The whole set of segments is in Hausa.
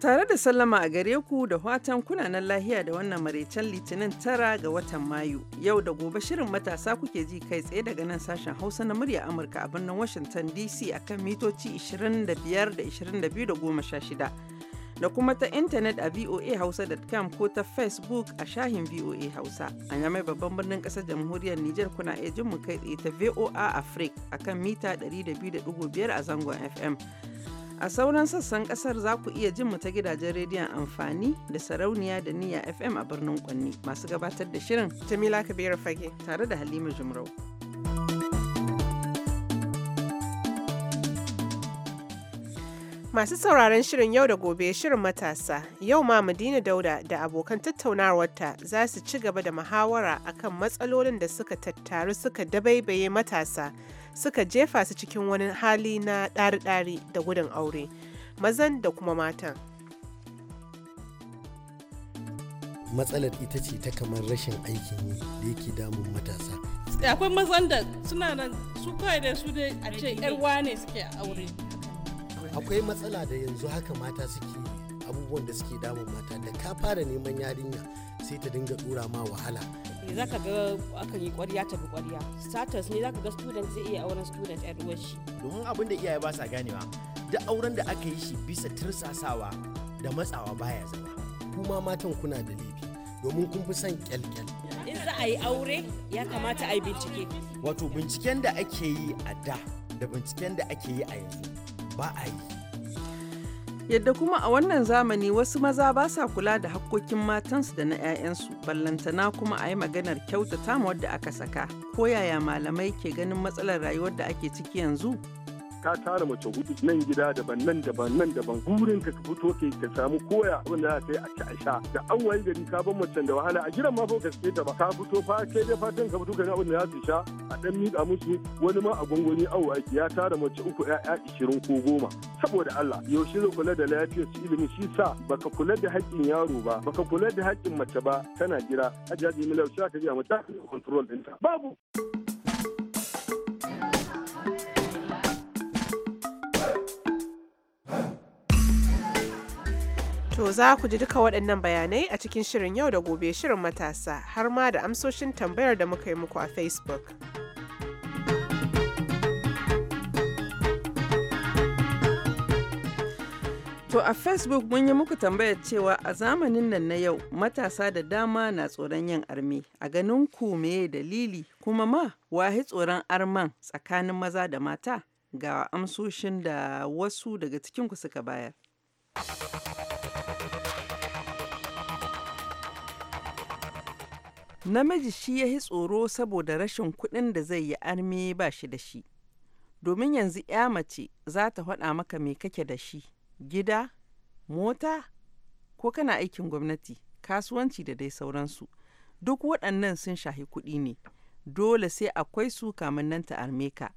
Tare da sallama a gare ku da watan kunanan lahiya da wannan maraicen litinin tara ga watan Mayu. Yau da gobe shirin matasa kuke ji kai tsaye daga nan sashen Hausa na murya Amurka a birnin Washington DC akan mitoci 25 da 22 da 16. da kuma ta intanet a voahausa.com ko ta facebook a shahin voa hausa a yamai babban birnin kasar jamhuriyar niger kuna iya jin mu kai tsaye ta voa africa akan mita 102.5 a zangon fm A sauran sassan kasar za ku iya jin mu ta gidajen rediyon amfani da sarauniya da niyya FM a birnin Kwanni masu gabatar da shirin Jamila Kabiru Fage tare da Halima Jumrau. Masu sauraron shirin yau da gobe shirin matasa, yau ma Madina Dauda da abokan tattaunawarta za su ci gaba da muhawara akan matsalolin da suka tattaru suka dabaibaye matasa. suka jefa su cikin wani hali na ɗari-ɗari da gudun aure mazan da kuma matan matsalar ita ce ta kamar rashin aikin yi da yake damun matasa eh, akwai mazan da suna nan su kai da su dai a ce yarwa ne suke aure akwai matsala da yanzu haka mata suke yi abubuwan da suke damun mata da ka fara neman yarinya sai ta dinga dura ma wahala ne eh, ka ga akan yi kwarya ta bi kwarya status ne ka ga student zai iya auren student yar uwar shi domin abin da iyaye ba sa ganewa duk auren da aka yi shi bisa tirsasawa da matsawa baya zama kuma matan kuna da laifi domin kun fi son kyalkyal in za a yi aure ya kamata a yi bincike wato binciken da ake yi a da da binciken da ake yi a yanzu ba a yi Yadda kuma a wannan zamani wasu maza ba sa kula da hakkokin matansu da na 'ya'yansu, ballantana kuma a yi maganar kyautata wadda aka saka, ko yaya malamai ke ganin matsalar rayuwar da ake ciki yanzu? ka tara mace hudu nan gida daban nan daban nan daban gurin ka fito ke ka samu koya abin da za ka yi a ci a sha da an waye gari ka ban macen da wahala a jiran ma fa ka ta ba ka fito fa kai dai fatan ka fito ka ga abin da za su sha a dan miƙa musu wani ma a gwangwani awo aiki ya tara mace uku yaya ishirin ko goma saboda Allah yaushe zai kula da lafiyar su ilimi shi sa baka kula da haƙƙin yaro ba baka kula da haƙƙin mace ba tana jira hajjaji milau sha ka ji a mata control ɗinta babu. To za ku ji duka waɗannan bayanai a cikin shirin yau da gobe shirin matasa har ma da amsoshin tambayar da muka yi muku a Facebook. To a Facebook mun yi muku tambayar cewa a zamanin nan na yau matasa da dama na tsoron yin armi A ganin ku meye dalili kuma ma wahi tsoron arman tsakanin maza da mata ga amsoshin da wasu daga cikinku suka bayar. namiji shi ya yi tsoro saboda rashin kuɗin da zai yi arme ba shi da shi domin yanzu ya mace za ta faɗa maka me kake da shi gida mota ko kana aikin gwamnati kasuwanci da dai sauransu duk waɗannan sun shahi kuɗi ne dole sai akwai su kamin nan ta arme ka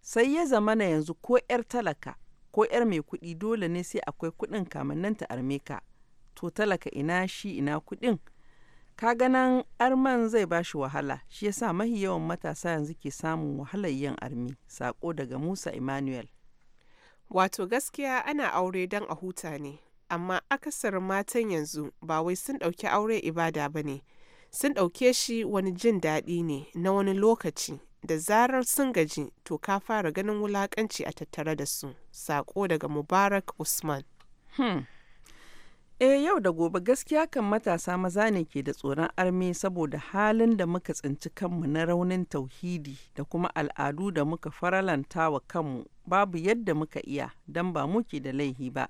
sai ya zamana yanzu ko 'yar talaka ko 'yar mai kuɗi dole ne sai akwai kuɗin kamin nan ta arme ka to talaka ina shi ina kuɗin ka ganan arman zai bashi wahala shi yasa mahi yawan matasa yanzu ke samun wahalar yin armi sako daga musa emmanuel wato gaskiya ana aure don a huta ne amma akasarin matan yanzu ba wai sun ɗauki aure ibada ba ne sun ɗauke shi wani jin daɗi ne na wani lokaci da zarar sun gaji to ka fara ganin wulakanci a tattare da su sako daga mubarak usman hmm. Eh yau da gobe gaskiya kan matasa maza ne ke da tsoron armi saboda halin da muka tsinci kanmu na raunin tauhidi da kuma al'adu da muka faralanta wa kanmu babu yadda muka iya don ba muke da laihi ba.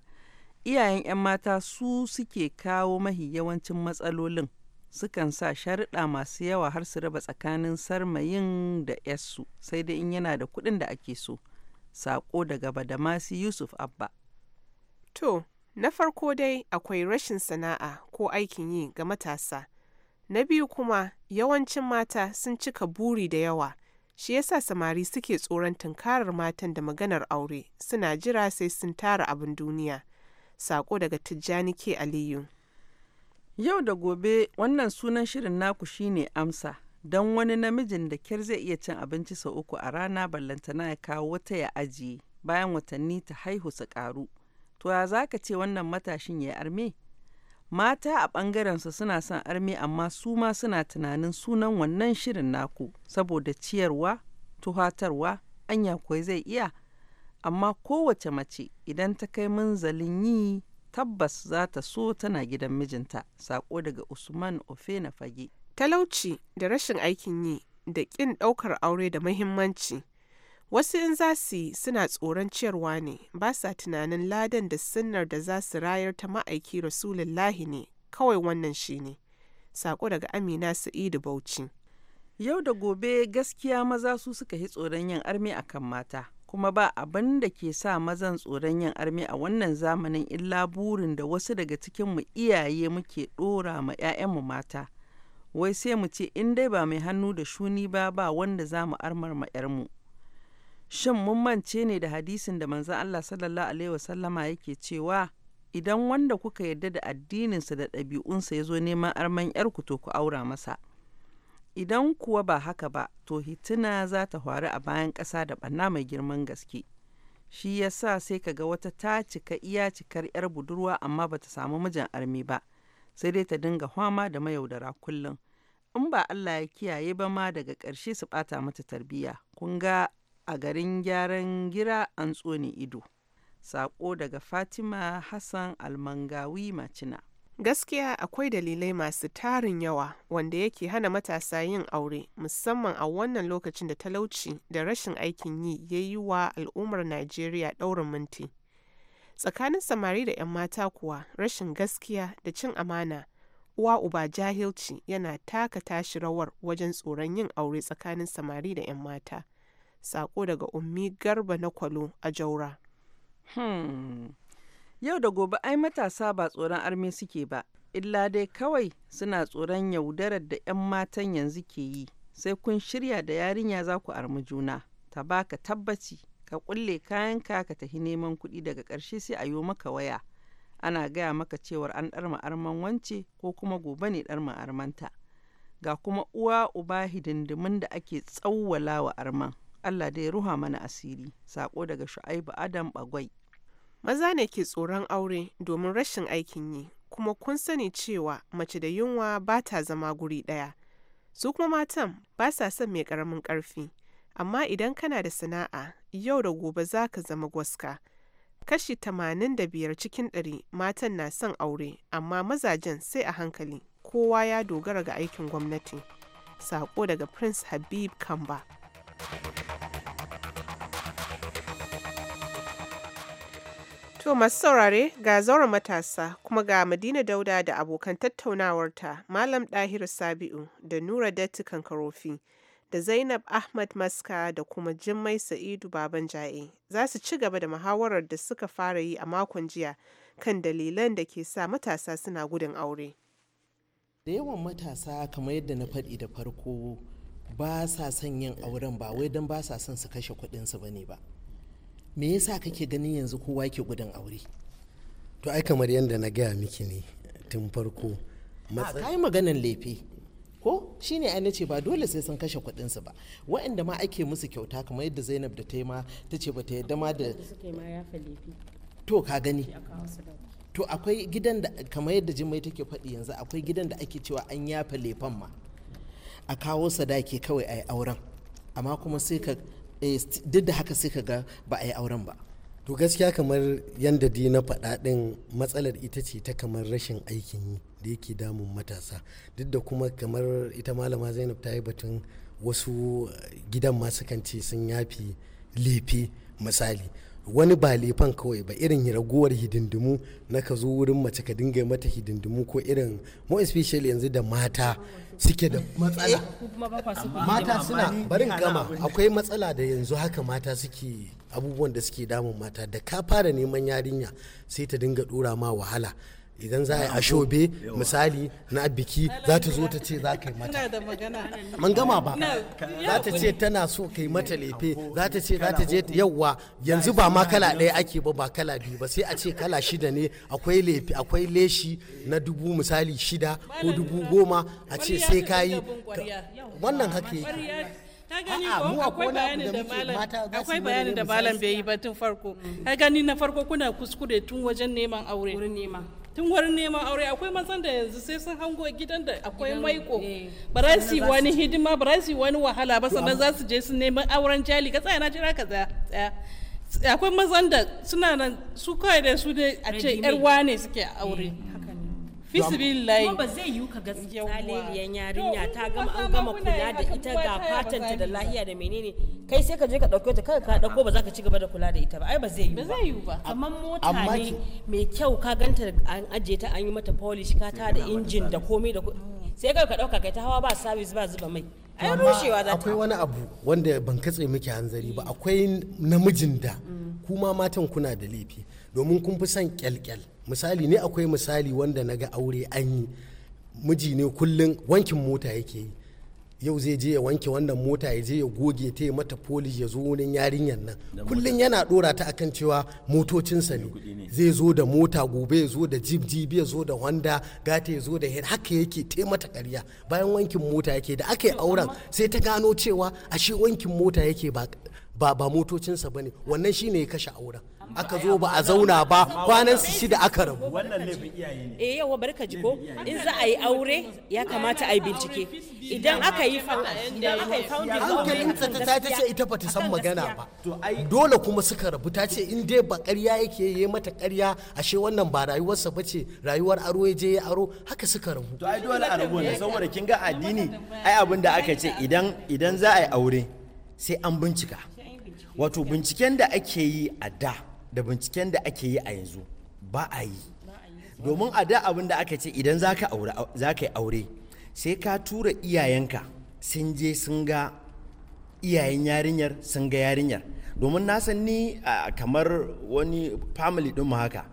Iyayen 'yan mata su suke kawo mahi yawancin matsalolin sukan sa sharuɗa masu yawa har su raba tsakanin sarmayin da 'yarsu sai dai in yana da kuɗin da ake so. Sako daga Badamasi Yusuf Abba. To, Na farko dai akwai rashin sana'a ko aikin yi ga matasa, na biyu kuma yawancin mata sun cika buri da yawa, shi yasa samari suke tsoron tunkarar matan da maganar aure suna jira sai sun tara abin duniya. Sako daga Tijjani ke Aliyu. Yau da gobe wannan sunan shirin naku shine amsa. Don wani namijin da kyar zai iya cin abinci sau uku a rana ballantana ya kawo wata ya ajiye bayan watanni ta haihu su karu. To ya za ka ce wannan matashin ya yi arme? Mata a su suna son arme amma su ma suna tunanin sunan wannan shirin naku saboda ciyarwa, tuhatarwa, anya kuwa zai iya. Amma kowace mace idan ta kai munzalin yi tabbas za ta so tana gidan mijinta. Sako daga Usman Ofe na fage. Talauci da rashin aikin yi da ƙin ɗaukar aure da muhimmanci Wasu in za su suna tsoron ciyarwa ne, ba sa tunanin ladan da sunnar da za su rayar ta ma'aiki Rasulullahi ne, kawai wannan shi ne. Sako daga Amina Sa'idu Bauchi. Yau da gobe gaskiya maza su suka yi tsoron yin armi a kan mata, kuma ba abin da ke sa mazan tsoron yin armi a wannan zamanin illa burin da wasu daga cikin mu iyaye muke ɗora ma 'ya'yanmu mata. Wai sai mu ce in dai ba mai hannu da shuni ba ba wanda za mu armar ma 'yarmu. shin mun mance ne da hadisin da manzon Allah sallallahu alaihi wasallama yake cewa idan wanda kuka yarda da addininsa da ɗabi'unsa ya zo neman arman ku to ku aura masa idan kuwa ba haka ba to hituna za ta faru a bayan ƙasa da ɓanna mai girman gaske shi ya sa sai ka ga wata ta cika iya cikar yar budurwa amma ba ta samu mijin armi ba sai dai ta dinga hwama da mayaudara kullum in ba Allah ya kiyaye ba ma daga ƙarshe su ɓata mata tarbiyya kun ga a garin gyaran gira an tsone ido. Sako daga Fatima Hassan Almangawi Macina. Gaskiya akwai dalilai masu tarin yawa wanda yake hana matasa yin aure musamman a wannan lokacin da talauci da rashin aikin yi ya yi wa al'ummar Najeriya ɗaurin minti. Tsakanin samari da 'yan mata kuwa rashin gaskiya da cin amana uwa uba jahilci yana taka tashi rawar wajen tsoron yin aure tsakanin samari da 'yan mata. Sako daga Ummi Garba na Kwalo a Jaura. Hmm. Yau da gobe ai matasa ba tsoron armi suke ba, illa dai kawai suna tsoron yaudarar da 'yan matan yanzu ke yi, sai kun shirya da yarinya za ku armi juna, ta baka tabbaci, ka kulle kayanka ka tafi neman kuɗi daga ƙarshe sai a yo maka waya. Ana gaya maka cewar an ɗarma arman wance ko kuma gobe ne ɗarma armanta. Ga kuma uwa uba hidindimin da ake tsawwala wa arman. Allah da ya ruha mana asiri sako daga Shu'aibu Adam Bagwai Maza ne ke tsoron aure domin rashin aikin yi kuma kun sani cewa mace da yunwa ba ta zama guri ɗaya su kuma matan ba sa son mai ƙaramin ƙarfi amma idan kana da sana'a yau da gobe za ka zama gwaska kashi tamanin da biyar cikin ɗari matan na son aure amma mazajen sai a hankali kowa ya dogara ga aikin gwamnati sako daga prince habib kamba To masu saurare ga zauren matasa kuma ga Madina Dauda da abokan tattaunawarta Malam Ɗahiru Sabi'u da Nura Datti Kankarofi da Zainab Ahmad Maska da kuma Jummai Sa'idu Baban Ja'e za su ci gaba da muhawarar da suka fara yi a makon jiya kan dalilan da ke sa matasa suna gudun aure. Da yawan matasa kamar yadda na faɗi da farko ba sa son yin auren ba wai don ba sa son su kashe kuɗinsu ba ne ba me yasa kake ganin yanzu kowa ke gudun aure to ai kamar yadda na gaya miki ne tun farko ka yi maganan lefe ko shine ai ce ba dole sai sun kashe kuɗinsu ba waɗanda ma ake musu kyauta kamar yadda zainab da ta yi ma ta ce ba ta yadda ma da to ka gani to akwai gidan da kamar yadda jimai take faɗi yanzu akwai gidan da ake cewa an yafa lefan ma a kawo sadaki kawai a yi auren amma kuma sai ka eh, duk da haka sai ka ga ba a yi auren ba to gaskiya kamar yadda di na faɗa ɗin matsalar ita ce ta kamar rashin aikin yi da yake damun matasa duk da kuma kamar ita malama zainab ta yi batun wasu eh, gidan masu ce sun yafi lefe misali wani ba lefan kawai ba irin raguwar hidindimu na ka zo wurin mace ka dinga mata hidindimu ko irin more especially yanzu da mata suke da matsala eh, mata suna barin gama akwai matsala da yanzu haka mata suke abubuwan da suke damun mata da ka fara neman yarinya sai ta dinga dora ma wahala idan za a yi ashobe misali na biki za ta zo ta ce za ka yi mata man gama ba za ta ce tana so ka yi mata lefe za ta ce za ta je yauwa yanzu ba ma kala ɗaya ake ba ba kala biyu ba sai a ce kala shida ne akwai lefe akwai leshi na dubu misali shida ko dubu goma a ce sai ka yi wannan haka yi akwai bayanin da malam bai yi ba tun farko ta gani na farko kuna kuskure tun wajen neman aure tun wurin neman aure akwai matsan da yanzu sai sun hango gidan da akwai maiko eh, ba za su yi wani hidima ba za su yi wani wahala ba sannan za su je su neman auren jali ka tsaya na jira ka tsaya akwai matsan da suna nan su kawai da su ne a ce yar wane suke aure eh, fi sibillahi ba zai yiwu ka ga tsaleliyan yarinya ta gama an gama kula da ita ga fatanta da lahiya da menene kai sai ka je ka dauko ta kai ka dauko ba za ka ci gaba da kula da ita ba ai ba zai yiwu ba zai yiwu ba amma mota ne mai kyau ka ganta an aje ta an yi mata polish ka ta da injin da komai da sai kai ka dauka kai ta hawa ba service ba zuba mai ai rushewa za ta akwai wani abu wanda ban katse miki hanzari ba akwai namijin da mm. kuma matan kuna da laifi domin kun fi son kyalkyal misali ne akwai misali wanda na ga aure an yi miji ne kullum wankin mota yake yi yau zai je ya wanke wannan mota ya je ya goge ta ya mata polish ya zo wurin yarinyar nan kullum yana dora ta akan cewa motocinsa ne zai zo da mota gobe ya zo da jeep jeep ya zo da wanda gata ya zo da head haka yake ta mata karya bayan wankin mota yake da aka yi auren sai ta gano cewa ashe wankin mota yake ba ba ne bane wannan shine ya kashe auren aka zo ba a zauna ba kwanan su shida aka rabu wannan laifin iyaye ne eh yawa barka ji ko in za a yi aure ya kamata a yi bincike idan aka yi idan aka yi founding ta ta ce ita ba ta san magana ba dole kuma suka rabu ta ce in dai ba ƙarya yake yi mata ƙarya ashe wannan ba rayuwarsa ba ce rayuwar aro ya je ya aro haka suka rabu to ai dole a rabu ne saboda kin ga addini ai abin da aka ce idan idan za a yi aure sai an bincika wato binciken da ake yi a da da binciken da ake yi a yanzu ba a yi domin a da abin da aka ce idan za ka yi aure sai ka tura iyayenka sun je sun ga iyayen yarinyar sun ga yarinyar domin na san ni kamar wani family ɗinmu haka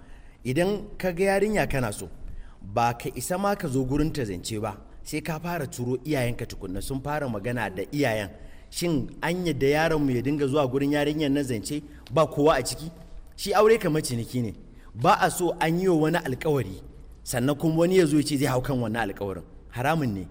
idan ka ga yarinya kana so ba ka isa ma ka zo gurin ta zance ba sai ka fara turo iyayenka tukunna sun fara magana da iyayen shin an yadda mu ya dinga zuwa gurin yarinyar na zance ba kowa a ciki shi aure kamar ciniki ne ba a so an yi wa wani alkawari sannan kuma wani ya zo ce zai hau kan wannan alkawarin haramun ne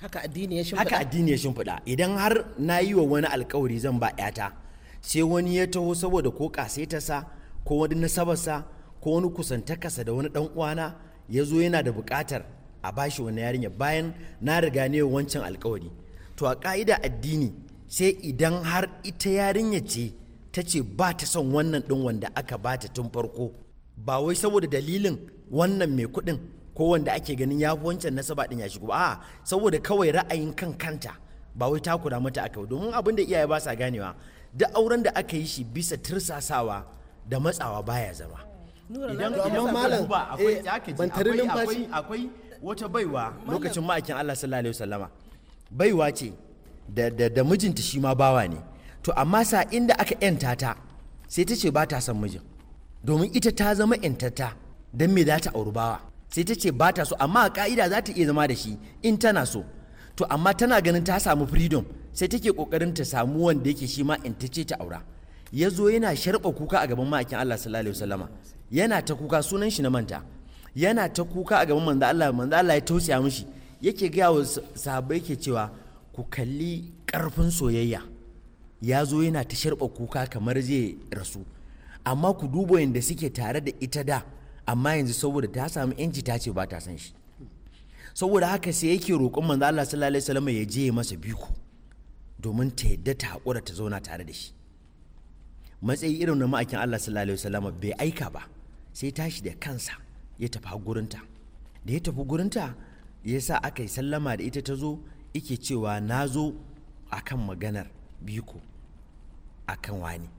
haka addini ya shimfiɗa idan har na yi wa wani alkawari zan ba yata sai wani ya taho saboda ko sa ko wani nasabarsa ko wani kusantakasa da wani dan uwana ya zo yana da buƙatar a bashi wani yarinya bayan na riga ne wancan alkawari to a ka'ida addini sai idan har ita yarinya ce ta ce ba ta son wannan ɗin wanda aka ba ta tun farko ba wai saboda dalilin wannan mai kuɗin ko wanda ake ganin ya fi wancan nasaba ɗin ya shigo ba saboda kawai ra'ayin kan kanta ba wai kura mata aka domin abin da iyaye ba sa ganewa duk auren da aka yi shi bisa tirsasawa da matsawa baya zama idan malam eh, akwai wata baiwa lokacin ma'aikin Allah sallallahu alaihi wasallama baiwa ce da mijinta shi ma bawa ne to amma sa inda aka yanta ta sai ta ce ba ta son mijin domin ita ta zama yantata don me za ta auri bawa sai ta ce ba ta so amma a ka'ida za ta iya zama da shi in tana so to amma tana ganin ta samu freedom sai take kokarin ta samu wanda yake shi ma yantace ta aura ya zo yana sharɓa kuka a gaban ma'aikin Allah sallallahu alaihi wasallama yana ta kuka sunan shi na manta yana ta kuka a gaban manzo Allah manzo Allah ya tausaya mishi yake gaya wa sahabbai yake cewa ku kalli karfin soyayya ya zo yana ta sharɓa kuka kamar zai rasu amma ku duba yadda suke tare da ita da amma yanzu saboda ta samu yanci ta ce ba ta san shi saboda haka sai yake roƙon manzo Allah sallallahu alaihi ya je masa biko domin ta yadda ta haƙura ta zauna tare da shi matsayi irin na ma'akin Allah sallallahu alaihi bai aika ba sai tashi da kansa ya tafi gurinta da ya tafi gurinta ya sa aka yi sallama da ita ta zo ike cewa na zo akan maganar biko akan wani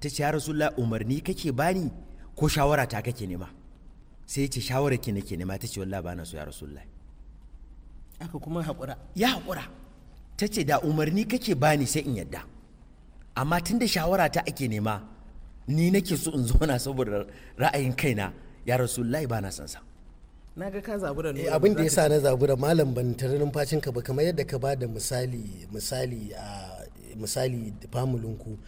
ta ce ya rasulullah umarni kake bani ko shawara ta kake nema sai ce shawara ki nake nema ta ce wallahi bana so ya rasulullah aka kuma haƙura ya haƙura ta ce da umarni kake bani sai in yadda amma tunda shawara ta ake nema ni nake so in zauna saboda ra'ayin kaina ya rasulullah bana son sa na ga ka zabura ne eh, abin da yasa na zabura malam ban tare numfashin ka ba kamar yadda ka ba da misali misali a ah, misali famulinku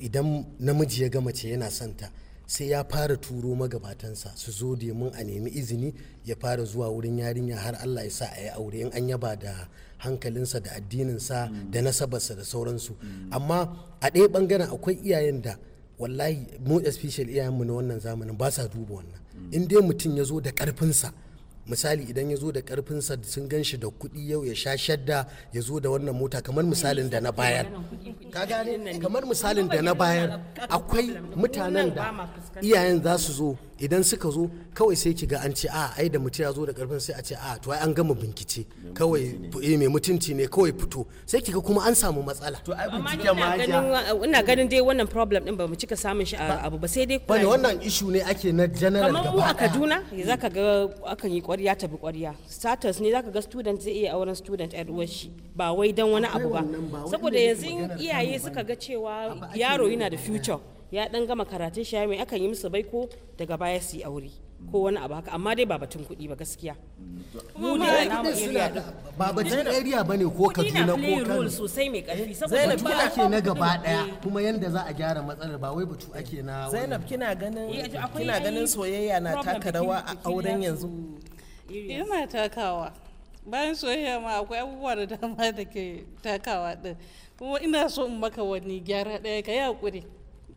idan namiji ya ga mace yana santa sai ya fara turo magabatansa su zo domin a nemi izini ya fara zuwa wurin yarinya har Allah ya sa a yi aure in an yaba da hankalinsa da addininsa da nasabarsa da sauransu amma a ɗaya bangaren akwai iyayen da wallahi mu especially iyayenmu na wannan zamanin ba sa duba wannan in dai mutum ya zo da ƙarfinsa misali idan ya zo da karfinsa sun gan shi da kuɗi yau ya sha shadda ya zo da wannan mota kamar misalin da na bayar kamar misalin da na bayar akwai mutanen da iyayen za su zo idan suka zo kawai sai ki ga an ce a ai da mutum ya zo da karfin sai a ce a to ai an gama bincike kawai mai mutunci ne eh, kawai fito sai ki kuma an samu matsala to ai bincike ma ina ganin dai wannan problem din ba mu cika samun shi a abu ba sai dai ne wannan issue ne ake na general gaba kamar a Kaduna zaka ga akan yi ƙwarya ta bi ƙwarya status ne zaka ga student zai iya auren student ɗan uwar shi ba wai dan wani abu ba saboda yanzu iyaye suka ga cewa yaro yana da future ya dan gama karatun shi mai akan yi musu baiko daga baya su yi aure ko wani abu haka amma dai ba batun kuɗi ba gaskiya mu da namu area ba batun area bane ko Kaduna ko Kano sosai mai karfi eh, saboda ba ake na gaba daya kuma yanda za a gyara matsalar ba wai batu ake na Zainab kina ganin eh, kina ganin soyayya na taka rawa a auren yanzu yana takawa bayan soyayya ma akwai abubuwa da dama da ke takawa din kuma ina so in maka wani gyara daya ka yi hakuri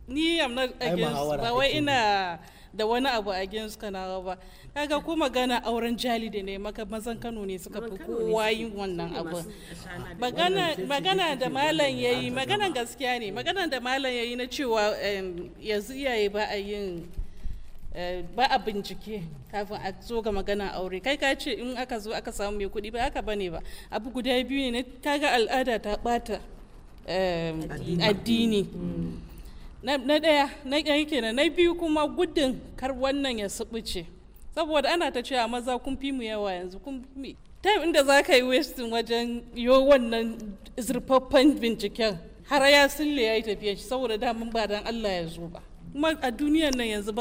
ni am not against ba wai ina da wani abu a against kana ba kaga ko magana auren jali da ne maka mazan kano ne suka fi kowa yin wannan abu magana da malam yayi magana gaskiya ne magana da malam yayi na cewa yanzu iyaye ba a yin eh, ba a bincike kafin a zo ga magana aure kai ka ce in aka zo aka samu mai kuɗi ba aka bane ba abu guda biyu ne kaga al'ada ta bata addini mm. na ɗaya na yanke na biyu kuma gudun kar wannan ya sabuce saboda ana ta cewa maza kun fi mu yawa yanzu kun fi inda za ka yi wasting wajen yo wannan zurfaffen binciken har ya sille ya yi tafiya shi saboda daman ba dan Allah ya zo ba kuma a duniyan nan yanzu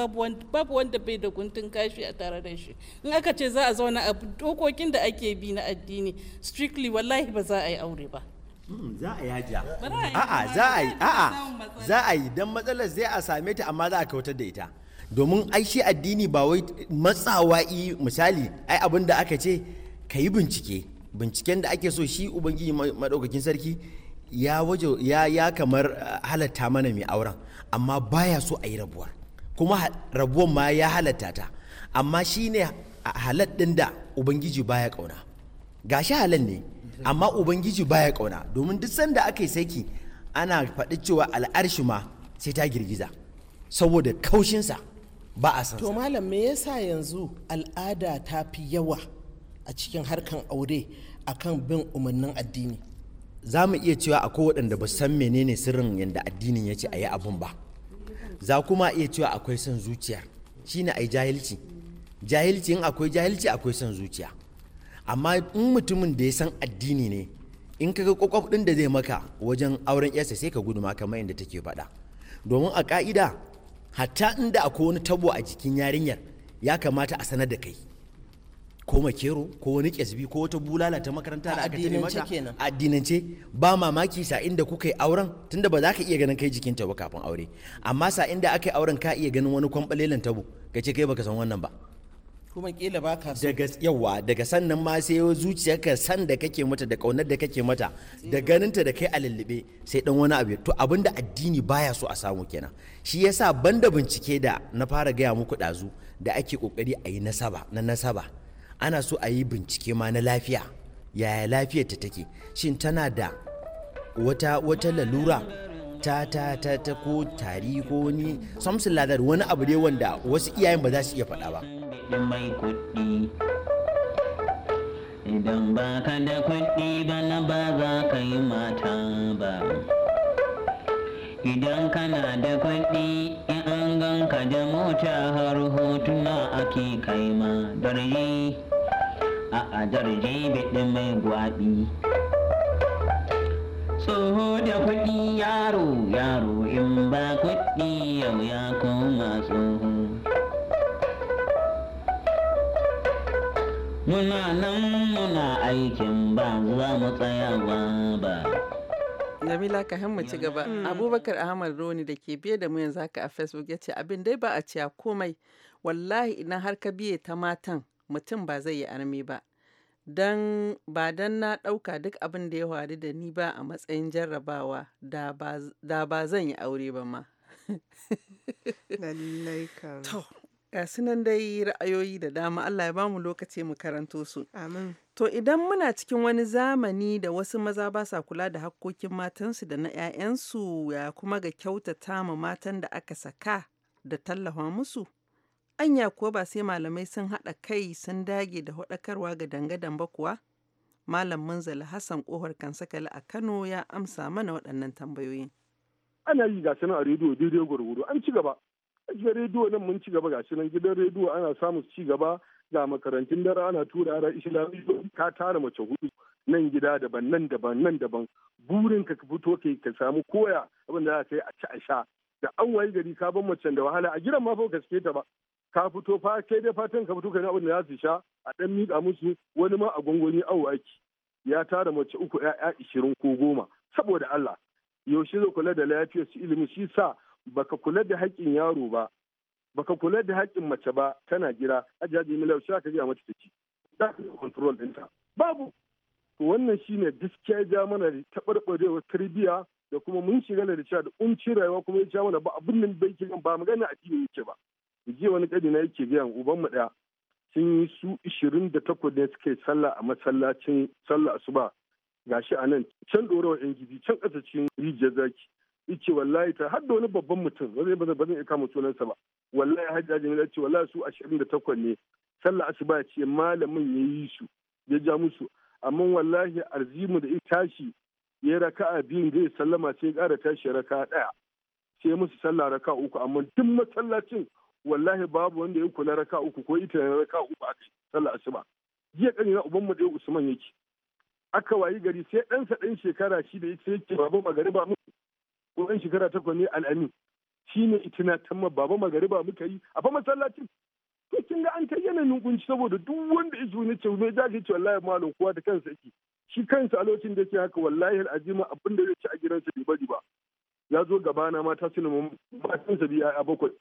babu wanda bai da guntun kashi a tare da shi in aka ce za a zauna a dokokin da ake bi na addini strictly wallahi ba za a yi aure ba Hmm, za a a'a za a yi a'a za a yi don matsalar zai a same ta amma za a kautar da ita domin ai shi addini ba wai matsawa yi misali ai abin da aka ce ka yi bincike binciken da ake so shi ubangiji maɗaukakin sarki ya waje ya kamar eh, halatta mana mai auren amma baya so a yi rabuwar kuma rabuwar ma ya halatta ta amma shi ne halat ɗin da ubangiji baya ƙauna gashi halal ne amma ubangiji baya kauna domin duk sanda aka yi saki ana faɗi cewa al'arshi ma sai ta girgiza saboda kaushinsa ba a san to malam me yasa yanzu al'ada ta fi yawa a cikin harkan aure akan bin umarnin addini za mu iya cewa akwai waɗanda ba san menene sirrin yadda addinin ya ce a yi abun ba za kuma iya cewa akwai son zuciya shine ai jahilci jahilci in akwai jahilci akwai son zuciya amma in mutumin da ya san addini ne in ka ga kwakwaf din da zai maka wajen auren yarsa sai ka gudu ma kamar yadda take faɗa domin a ka'ida hatta inda akwai wani tabo a jikin yarinyar ya kamata a sanar da kai ko makero ko wani kyasbi ko wata bulala ta makaranta da aka tare mata addinance ba mamaki sa inda kuka yi auren tunda ba za ka iya ganin kai jikin ta ba kafin aure amma sa inda aka yi auren ka iya ganin wani kwamɓalelan tabo ka ce kai baka san wannan ba kuma kila ba ka daga yawa daga sannan ma sai zuciyarka san da kake mata da kaunar da kake mata da ganinta da kai a lullube sai dan wani abu to abinda addini baya so a samu kenan shi yasa banda bincike da na fara gaya muku dazu da ake kokari a yi nasaba na nasaba ana so a yi bincike ma na lafiya yaya lafiyarta take shin tana da wata wata lalura ta ta ta ta ko tari ko ni something like that wani abu ne wanda wasu iyayen ba za su iya faɗa ba idan ba da kuɗi bana ba za ka yi mata ba idan kana da kuɗi in an gan ka da mota har hotuna ake kai ma darje a a darje biɗin mai gwaɗi tsoho da kuɗi yaro yaro in ba kuɗi yau ya koma tsoho muna nan muna aikin ba za mu tsayawa ba Jamila ka hamma ci gaba mm. Abubakar Ahmad Roni da ke biye da mu yanzu haka a Facebook ya ce abin dai ba a ciya komai wallahi idan har ka biye ta matan mutum ba zai yi armi ba don ba don na ɗauka duk abin da ya faru da ni ba a matsayin jarrabawa da ba zan yi aure ba ma. Lallai ga dai ra'ayoyi da dama Allah ya bamu lokaci mu karanto su. Amin. To idan muna cikin wani zamani da wasu maza ba sa kula da hakkokin matansu da na 'ya'yansu ya kuma ga kyautata ma matan da aka saka da tallafa musu Anya kuwa ba sai malamai sun haɗa kai sun dage da haɗakarwa ga dangadan ba kuwa? Malam Munzali Hassan Kohar Kansakali a Kano ya amsa mana waɗannan tambayoyi Ana yi ga a rediyo daidai gwargwaro an ci gaba. Ajiyar rediyo nan mun ci gaba gashi nan gidan rediyo ana samun ci gaba ga makarantun dare ana tura yara islami ka tara mace hudu nan gida daban nan daban nan daban burin ka fito kai ka samu koya abin da za ka yi a ci a sha da an wayi gari ka ban macen da wahala a gidan ma fa ka ta ba ka fito fa kai dai fatan ka fito kai abin da ya su sha a dan miƙa musu wani ma a gwangwani awo aiki ya tara mace uku ya'ya ishirin ko goma saboda Allah yaushe zai kula da lafiyar su ilimi shi sa baka kula da haƙƙin yaro ba baka kula da haƙƙin mace ba tana gira ajaji mila ka ji a mata take da control ɗinta babu to wannan shine gaskiya ja mana da taɓarɓarewar tarbiyya da kuma mun shiga da cewa da kunci rayuwa kuma ya ja mana ba abin nan bai kiran ba magana a addini yake ba jiya wani kadi na yake biyan uban mu ɗaya sun yi su ishirin ne suke sallah a masallacin sallah asuba gashi a nan can ɗorawa yan gidi can cikin rijiyar zaki ice wallahi ta har wani babban mutum ba zai ba zan iya kama sunansa ba wallahi hajji ajami ya ce wallahi su 28 ne sallah asuba ce malamin ya yi su ya ja musu amma wallahi arzimu da ita tashi ya raka'a biyun zai sallama sai ya kara tashi raka'a ɗaya sai musu sallah raka'a uku amma duk masallacin wallahi babu wanda ya kula raka uku ko ita raka uku aka yi sallar asuba jiya kani na uban mu da Usman yake aka wayi gari sai ɗansa ɗan shekara shi da yake yake baba ba mu ko ɗan shekara takwas ne al'amin ne itina tamma baba magariba muka yi a fa masallacin to kin ga an kai yanayin kunci saboda duk wanda izu ne ce mai zaka ce wallahi malam kowa da kansa yake shi kansa a lokacin da yake haka wallahi al'azima abinda da zai ci a gidansa bai bari ba ya zo gabana mata suna matan sa biya a bakwai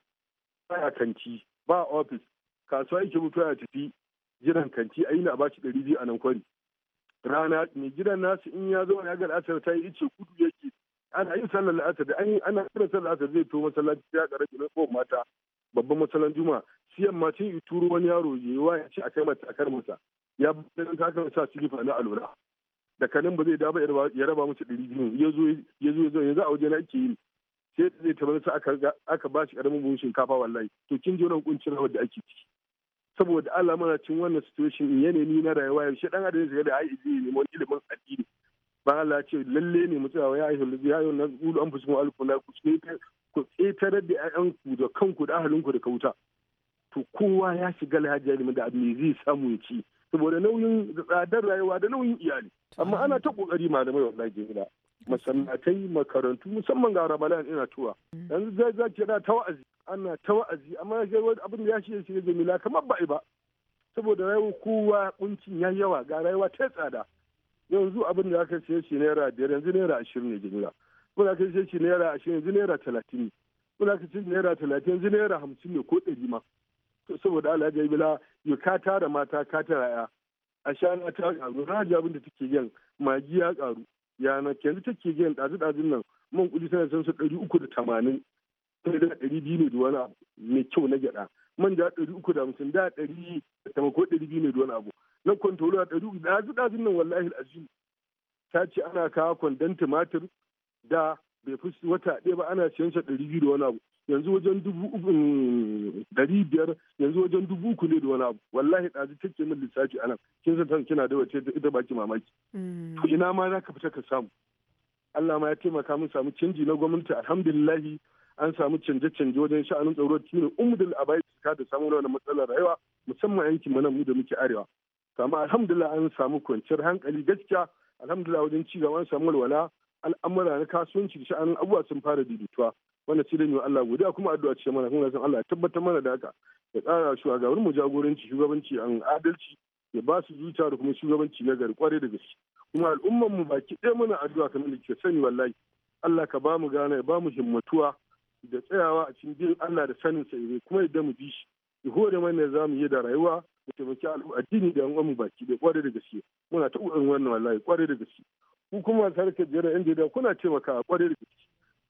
baya kanci ba ofis kasuwa yake mutuwa ya tafi jiran kanci a yi a shi ɗari biyu a nan kwari rana mai gidan nasu in ya zama ya ga la'asar ta yi ice gudu yake ana yin sallar la'asar da an yi ana kira sallar la'asar zai to masallaci ya ƙara gidan ko mata babban masallan juma'a siyan ma cin turo wani yaro ya yi wa ya ce a kai mata a kar masa ya bayan ta kama sa silifa na alura da kanin ba zai dama ya raba musu ɗari biyu ya zo ya zo yanzu a waje na ake yi sai zai ta sai aka aka bashi karamin buhun shinkafa wallahi to kin ji wannan kuncin rawar da ake ciki saboda Allah mana cin wannan situation yanayi na rayuwa yaushe dan adam zai da ai zai nemi wani ilimin addini ba Allah ce lalle ne mu tsaya ya ayyul ya ayyul nas an fushin alku na ku tsetarar da ku da kanku da ku da kauta to kowa ya shiga lahaji ne da abin zai samu ya ci saboda nauyin tsadar rayuwa da nauyin iyali amma ana ta kokari malamai wallahi gida masallatai makarantu musamman ga ramadan ina tuwa mm. yanzu zai za ki ta wa'azi ana ta wa'azi amma wani abin da ya shi shi jamila kamar ba ba saboda rayuwar kowa kuncin ya yawa ga rayuwa ta tsada yanzu abin da aka sai shi naira biyar yanzu naira ashirin ne jimla. kuma aka sai shi naira ashirin yanzu naira talatin ne kuma aka siye naira talatin yanzu naira hamsin ne ko ɗari ma saboda Allah bila ya ka tara mata ka tara ya a shana ta karu na ji abin da take yin magiya karu yana yanzu take giyan ɗazu ɗazun nan man kuɗi tana san su ɗari uku da tamanin sai da ɗari biyu ne da wani abu mai kyau na gyaɗa da ɗari uku da hamsin da ɗari da ko ɗari biyu ne da wani abu na kwantolo a ɗari uku ɗazu ɗazun nan wallahi azim ta ce ana kawo kwandon tumatir da bai fi wata ɗaya ba ana siyan sa ɗari biyu da wani abu yanzu wajen dubu mm, dari biyar yanzu wajen dubu uku ne da wani abu wallahi ɗazu take min lissafi anan kin san kina da wace ita baki mamaki mm. to ina ma za ka fita ka samu Allah ma ya taimaka mun samu canji na gwamnati alhamdulillahi an samu canje-canje wajen sha'anin tsaro tuni umudul abai ka da samu wani matsalar rayuwa musamman yankin mu mu da muke arewa kama alhamdulillah an samu kwanciyar hankali gaskiya alhamdulillah wajen ci gaban samu walwala al'amura na kasuwanci da sha'anin abuwa sun fara daidaituwa wanda sai da Allah Allah godiya kuma addu'a ce mana kuma san Allah ya tabbatar mana da haka ya tsara shugaban mu jagoranci shugabanci an adalci ya ba su zuciya da kuma shugabanci na gari kwarai da gaske kuma al'umman mu baki ɗaya muna addu'a kamar da ke sani wallahi Allah ka ba mu gane ya ba mu himmatuwa da tsayawa a cikin bin Allah da sanin sa kuma idan mu bi shi ya hore mana za mu yi da rayuwa mu taimaki addini da yan'uwan mu baki ɗaya kwarai da gaske muna ta ƙoƙarin wannan wallahi kwarai da gaske ku kuma harkar jira yan jarida kuna taimakawa kware da gaske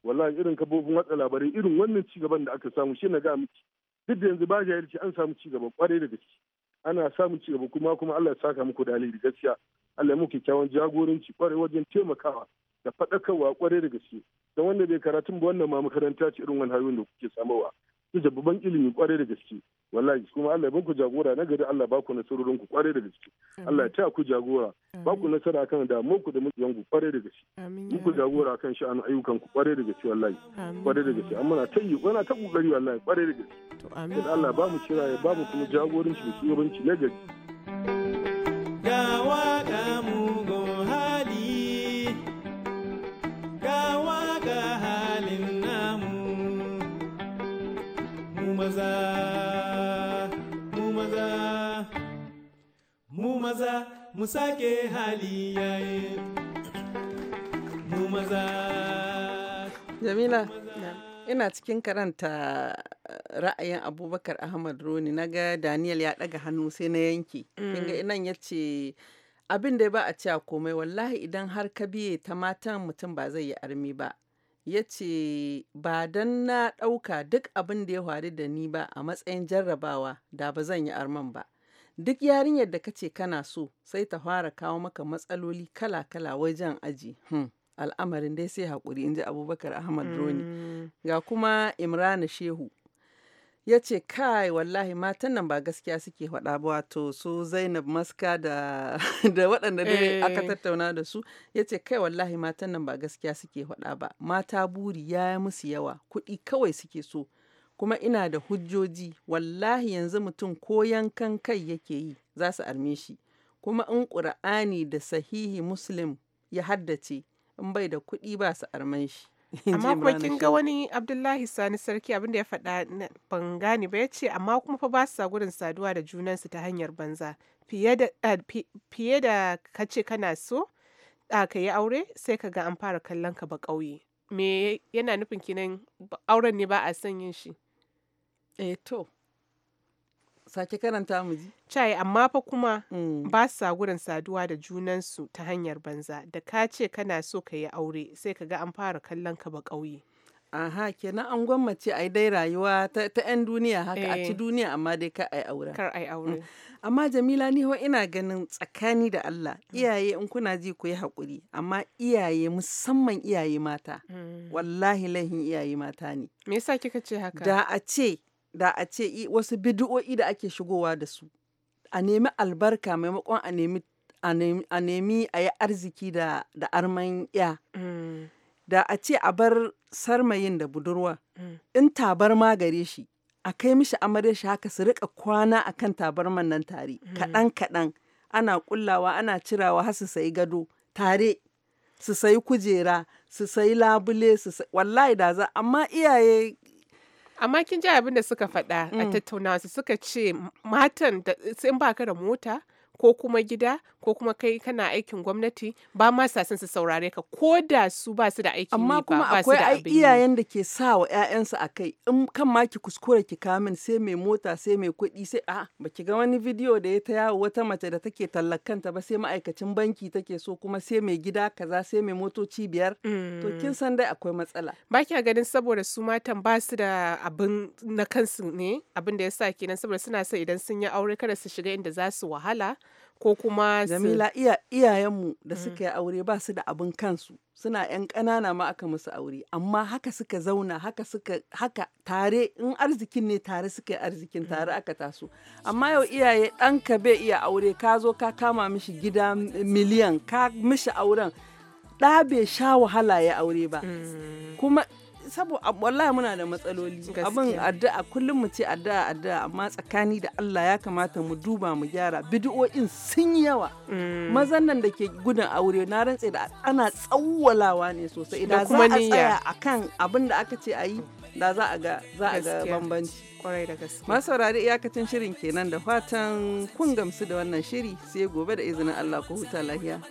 wallahi irin kafofin watsa labarai irin wannan ci gaban da aka samu shi na ga miki duk da yanzu ba jahilci an samu ci cigaba kwarai da gaske ana samun gaba kuma kuma Allah ya saka muku da alheri gaskiya Allah ya mu kyakkyawan jagoranci kwarai wajen taimakawa da faɗakarwa kwarai da gaske da wanda bai karatun ba wannan ma makaranta ce irin wani hayoyin da kuke samarwa su babban ilimi kwarai da gaske wallahi kuma Allah ya ku jagora na gari Allah ba ku nasarorin ku kware da gaske Allah ya taya ku jagora ba ku nasara kan da ku da mutuwan ku kware da gaske mu ku jagora kan sha'anin ayyukan ku kware da gaske wallahi kware da gaske amma na ta yi na ta kokari wallahi kware da gaske to amin Allah ba mu kira ya ba mu kuma jagoranci da shugabanci na gari ga mu mugun hali ga halin namu mu maza maza mu sake hali yaye mu maza jamila ina cikin karanta eh, ra'ayin abubakar ahmad roni na ga daniel ya ɗaga hannu sai na yanki mm. kinga inan ya ce abin da ba a komai wallahi idan har ka biye ta matan mutum ba zai yi armi ba ya ce ba don na ɗauka duk abin da ya faru da ni ba a matsayin jarrabawa da ba zan yi arman ba duk yarinyar da kace kana so sai ta fara kawo maka matsaloli kala-kala wajen aji hmm. al'amarin dai sai haƙuri ji abubakar ahmad roni mm. ga kuma imrana shehu ya ce kai wallahi matan nan ba gaskiya suke faɗa ba wato su zainab maska da da waɗanda hey. Eh. aka tattauna da su ya ce kai wallahi matan nan ba gaskiya suke faɗa ba mata buri ya yi musu yawa kuɗi kawai suke so kuma ina da hujjoji wallahi yanzu mutum ko yankan kai yake yi za su arme shi kuma in ƙura'ani da sahihi muslim ya haddace in bai da kuɗi ba su arman shi amma kuma kin ga wani abdullahi sani sarki abin da ya faɗa ban gane ba ya ce amma kuma fa ba sa gurin saduwa da junansu ta hanyar banza fiye da ka ce kana so ka yi aure sai ka ga an fara kallon ka ba ƙauye me yana nufin kinan auren ne ba a son yin shi eh to sake karanta mu ji cai amma fa kuma mm. ba sa gurin saduwa da junansu ta hanyar banza da ka ce kana so ka yi aure sai ka ga an fara kallon ka ba ƙauye aha kenan an gwammace ai dai rayuwa ta 'yan duniya haka a ci eh. duniya amma dai kar ai aure kar ai aure mm. amma jamila ni ina ganin tsakani da Allah iyaye in kuna ji ku yi hakuri amma iyaye musamman iyaye mata mm. wallahi lahin iyaye mata ne me yasa kika ce haka da a ce da a ce wasu bidiyo'i da ake shigowa da su a nemi albarka maimakon a nemi a yi arziki da da arman ya mm. da a ce a bar sarmayin da budurwa mm. in tabar ma gare shi a kai mishi amaryar shi haka su rika kwana akan tabar nan tare mm. kaɗan kaɗan ana kullawa ana cirawa har su sayi gado tare su sayi kujera su sayi labule su wallahi da za amma iyaye amma kin ji abin da suka faɗa a mm. tattaunawa su suka ce matan da in baka da mota ko kuma gida ko kuma kai kana aikin gwamnati ba ma sa su saurare ka ko da su ba su da aikin amma kuma akwai iyayen da ke sa wa ƴaƴansu a kai in kan ma ki kuskure ki kamin sai mai mota sai mai kuɗi sai a baki ga wani bidiyo da ya ta yawo wata mace da take tallakanta ba sai ma'aikacin banki take so kuma sai mai gida kaza sai mai motoci biyar to kin mm. san dai akwai matsala ba ki ganin saboda su matan ba su da abin na kansu ne abin da ya sa kenan saboda suna so idan sun yi aure kada su shiga inda za su wahala ko kuma jamila iya iyayenmu da mm. suka yi aure ba su da abin kansu suna yan ƙanana ma aka musu aure amma haka suka zauna haka suka haka tare in arzikin ne tare suka yi arzikin mm. tare aka taso amma yau iyaye ɗanka bai iya aure ka zo ka kama mishi gida miliyan ka mishi auren ɗa bai sha wahala ya aure ba mm. kuma saboda wallahi muna da matsaloli abin addu'a kullum mu ce addu'a addu'a amma tsakani da Allah ya kamata mu duba mu gyara bidiyo'in sun yawa mm. mazan nan da ke gudun aure na rantse da ana tsawwalawa ne sosai idan za a tsaya akan abin da aka ce a yi da za a ga za a ga bambanci kwarai da gaske masu saurari iyakacin shirin kenan da fatan kun gamsu da wannan shiri sai gobe da izinin Allah ku huta lafiya